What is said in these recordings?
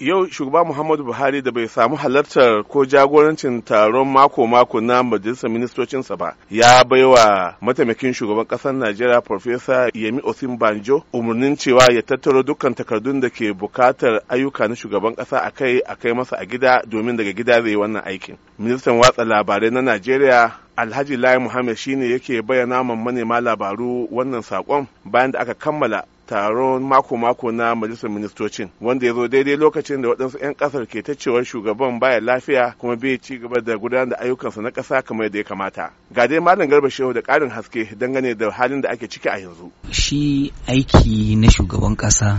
yau shugaba muhammadu buhari da bai samu halartar ko jagorancin taron mako-mako na majalisar ministocinsa ba ya baiwa mataimakin shugaban kasar najeriya Profesa yemi osin banjo umarnin cewa ya tattaro dukkan takardun da ke bukatar ayyuka na shugaban kasa a kai a kai masa a gida domin daga gida zai yi wannan aikin ministan watsa labarai na najeriya alhaji lai muhammad shine yake bayyana manema labaru wannan sakon bayan da aka kammala taron mako-mako na majalisar ministocin wanda ya zo daidai lokacin da waɗansu 'yan ƙasar ke ta cewar shugaban baya lafiya kuma bai ci gaba da gudanar da ayyukansa na ƙasa kamar yadda ya kamata ga dai malam garba shehu da ƙarin haske dangane da halin da ake ciki a yanzu shi aiki na shugaban ƙasa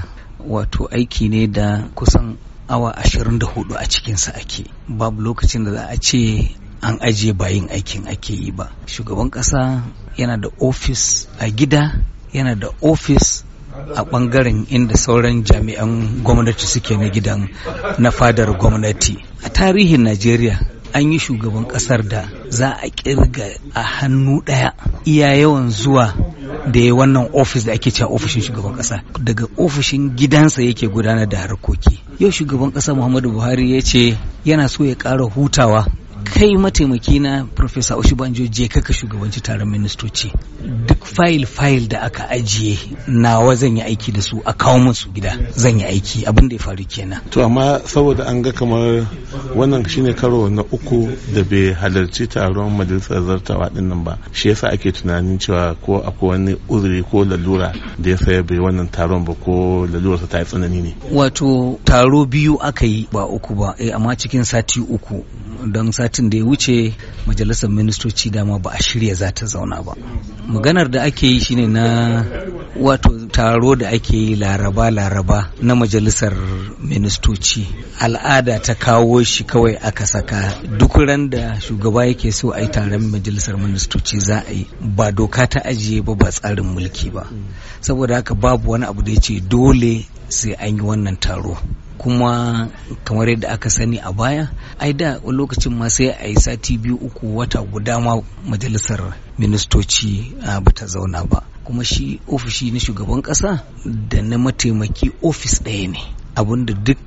wato aiki ne da kusan awa ashirin da hudu a cikinsa ake babu lokacin da za a ce an ajiye bayin aikin ake yi ba shugaban ƙasa yana da ofis a gida yana da ofis a bangaren inda sauran jami'an gwamnati suke na gidan na fadar gwamnati a tarihin najeriya an yi shugaban ƙasar da za a kirga a hannu ɗaya iya yawan zuwa da ya wannan ofis da ake cewa ofishin shugaban ƙasa daga ofishin gidansa yake gudanar da harkoki yau shugaban kasa muhammadu buhari ya ce yana so ya ƙara hutawa kai mataimaki na Profesa Oshibanjo je kaka shugabanci taron ministoci duk fayil fayil da aka ajiye nawa zan yi aiki da su a kawo musu gida zan yi aiki abin da ya faru kenan to amma saboda an ga kamar wannan shine karo na uku da bai halarci taron majalisar zartawa dinnan ba shi yasa ake tunanin cewa ko akwai wani uzuri ko lalura da ya saya bai wannan taron ba ko lalurarsa ta yi tsanani ne wato taro biyu aka yi ba uku ba eh, amma cikin sati uku don satin da ya wuce majalisar ministoci dama ba a shirya za ta zauna ba maganar da ake yi shine na wato taro da ake yi laraba-laraba na majalisar ministoci al'ada ta kawo shi kawai aka saka duk ran da shugaba yake so a yi taron majalisar ministoci za a yi ba doka ta ajiye ba ba tsarin mulki ba saboda haka babu wani abu da ya ce dole sai an yi wannan taro kuma kamar yadda aka sani a baya ai da lokacin ma sai a yi sati biyu uku wata guda ma majalisar ministoci ah, ba ta zauna ba kuma shi ofishi na shugaban kasa da na mataimaki ofis ɗaya ne abinda duk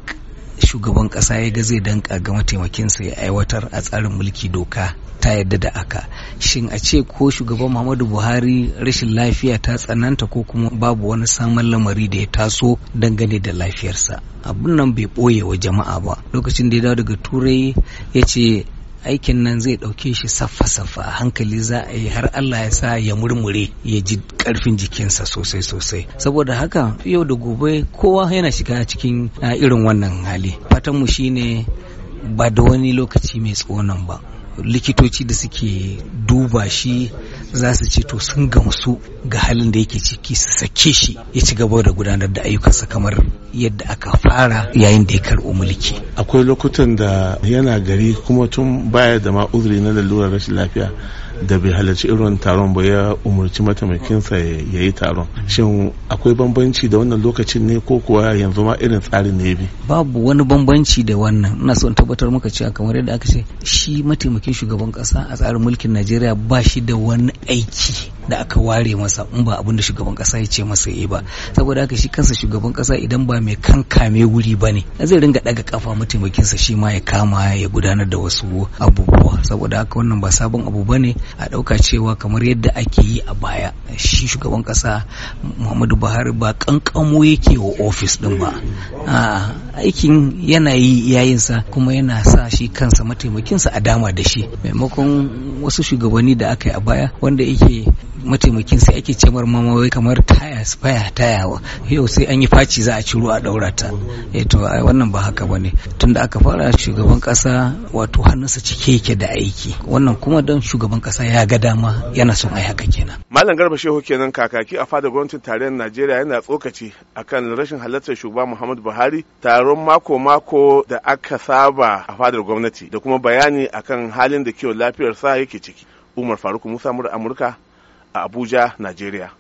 shugaban kasa ya ga zai danka ga mataimakinsa ya aiwatar a tsarin mulki doka ta yadda da aka shin a ce ko shugaban muhammadu buhari rashin lafiya ta tsananta ko kuma babu wani samun lamari da ya taso dangane da lafiyarsa abun nan bai ɓoye wa jama'a ba lokacin da ya dawo daga turai ya ce aikin nan zai ɗauke shi saffa-saffa a hankali za a yi har Allah ya sa ya murmure ya ji ƙarfin jikinsa sosai-sosai saboda haka yau da gobe kowa yana shiga cikin irin wannan hali fatanmu shine ba da wani lokaci mai tsonon ba likitoci da suke duba shi za su ce to sun gamsu ga halin da yake ciki su sake shi ya ci gaba da gudanar da ayyukansa kamar yadda aka fara yayin da ya karɓo mulki akwai lokutan da yana gari kuma tun baya da ma uzuri na lalurar rashin lafiya da bai halarci irin taron ba ya umarci mataimakinsa ya yi taron shin akwai bambanci da wannan lokacin ne ko kuwa yanzu ma irin tsarin ne bi babu wani bambanci da wannan ina son tabbatar maka cewa kamar yadda aka ce shi mataimakin shugaban kasa a tsarin mulkin najeriya ba shi da wani aiki da aka ware masa in ba abin da shugaban kasa ya ce masa yi ba saboda haka shi kansa shugaban kasa idan ba mai kan kame wuri ba ne zai ringa daga kafa mataimakinsa shi ma ya kama ya gudanar da wasu abubuwa saboda haka wannan ba sabon abu ba ne a dauka cewa kamar yadda ake yi a baya shi shugaban kasa muhammadu buhari ba kankamo yake wa ofis din ba aikin yana yi yayin sa kuma yana sa shi kansa mataimakinsa a dama da shi maimakon wasu shugabanni da aka yi a baya wanda yake mataimakin sai ake ce marmamawai kamar taya spaya tayawa yau sai an yi faci za a ciro a daura ta eh to wannan ba haka bane tunda aka fara shugaban kasa wato hannunsa cike yake da aiki wannan kuma don shugaban kasa ya ga dama yana son ai haka kenan malam garba shehu kenan kakaki a fadar gwamnatin tarayyar najeriya yana tsokaci akan rashin halartar shugaba muhammadu buhari taron mako mako da aka saba a fadar gwamnati da kuma bayani akan halin da kiwon lafiyar sa yake ciki umar faruk musa mura amurka a Abuja, Nigeria.